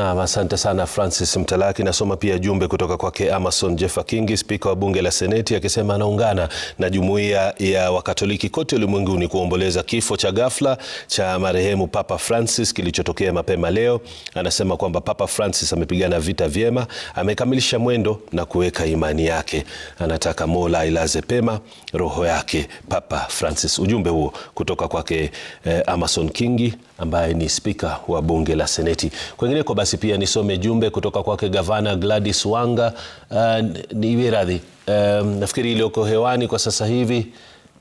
Naam, asante sana Francis Mtalaki. Nasoma pia jumbe kutoka kwake Amason Jeffa Kingi, spika wa bunge la Seneti, akisema anaungana na jumuiya ya Wakatoliki kote ulimwenguni kuomboleza kifo cha ghafla cha marehemu Papa Francis kilichotokea mapema leo. Anasema kwamba Papa Francis amepigana vita vyema, amekamilisha mwendo na kuweka imani yake. Anataka Mola ailaze pema roho yake Papa Francis. Ujumbe huo kutoka kwake eh, Amason Kingi ambaye ni spika wa bunge la Seneti. Kwengineko basi pia nisome jumbe kutoka kwake Gavana Gladys Wanga uh, eh, niwe radhi um, nafikiri iliyoko hewani kwa sasa hivi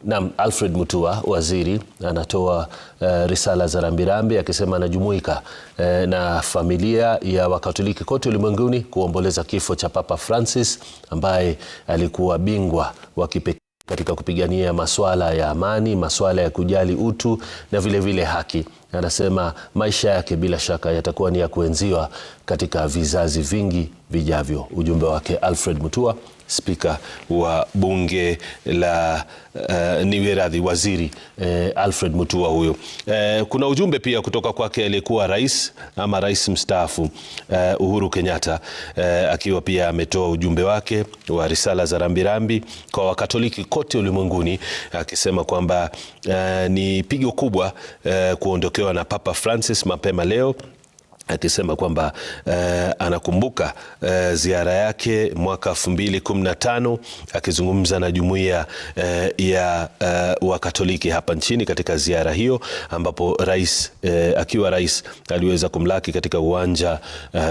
Naam, Alfred Mutua waziri anatoa uh, risala za rambirambi akisema anajumuika uh, na familia ya Wakatoliki kote ulimwenguni kuomboleza kifo cha Papa Francis ambaye alikuwa bingwa wa kipekee katika kupigania masuala ya amani, masuala ya kujali utu na vilevile vile haki. Anasema maisha yake bila shaka yatakuwa ni ya kuenziwa katika vizazi vingi vijavyo. Ujumbe wake Alfred Mutua spika wa bunge la uh, eh, niweradhi waziri uh, Alfred Mutua huyo. Uh, kuna ujumbe pia kutoka kwake aliyekuwa rais ama rais mstaafu uh, Uhuru Kenyatta uh, akiwa pia ametoa ujumbe wake wa risala za rambirambi kwa Wakatoliki kote ulimwenguni akisema kwamba uh, ni pigo kubwa uh, kuondokewa na Papa Francis mapema leo akisema kwamba uh, anakumbuka uh, ziara yake mwaka 2015 akizungumza na jumuiya uh, ya uh, Wakatoliki hapa nchini katika ziara hiyo, ambapo rais uh, akiwa rais aliweza kumlaki katika uwanja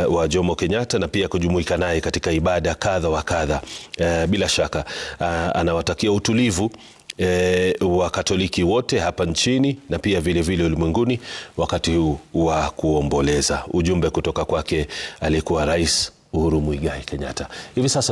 uh, wa Jomo Kenyatta na pia kujumuika naye katika ibada kadha wa kadha. Uh, bila shaka uh, anawatakia utulivu e, katoliki wote hapa nchini na pia vilevile ulimwenguni wakati huu wa kuomboleza. Ujumbe kutoka kwake aliyekuwa Rais Uhuru Muigai Kenyatta. Hivi sasa